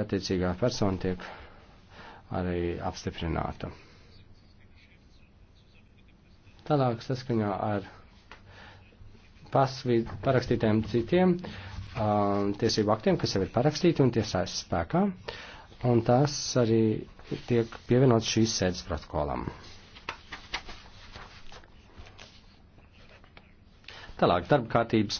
attiecīgā persona tiek arī apstiprināta. Tālāk saskaņā ar pasvī, parakstītiem citiem um, tiesību aktiem, kas jau ir parakstīti un tiesās spēkā, un tas arī tiek pievienots šīs sēdes protokolam. Tālāk darba kārtības